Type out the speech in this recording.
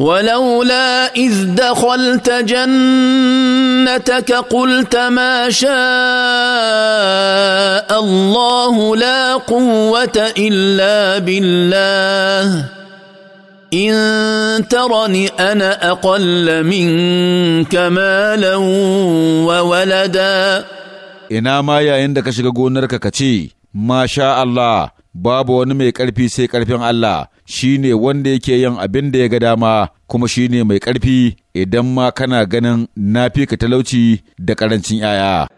ولولا اذ دخلت جنتك قلت ما شاء الله لا قوه الا بالله ان ترني انا اقل منك مالا وولدا إنما ma yayin da ka shiga ما شاء الله babu wani mai ƙarfi sai ƙarfin Allah shi ne wanda yake yin abin da ya ga dama kuma shi ne mai ƙarfi idan ma kana ganin na fi ka talauci da ƙarancin ‘ya'ya.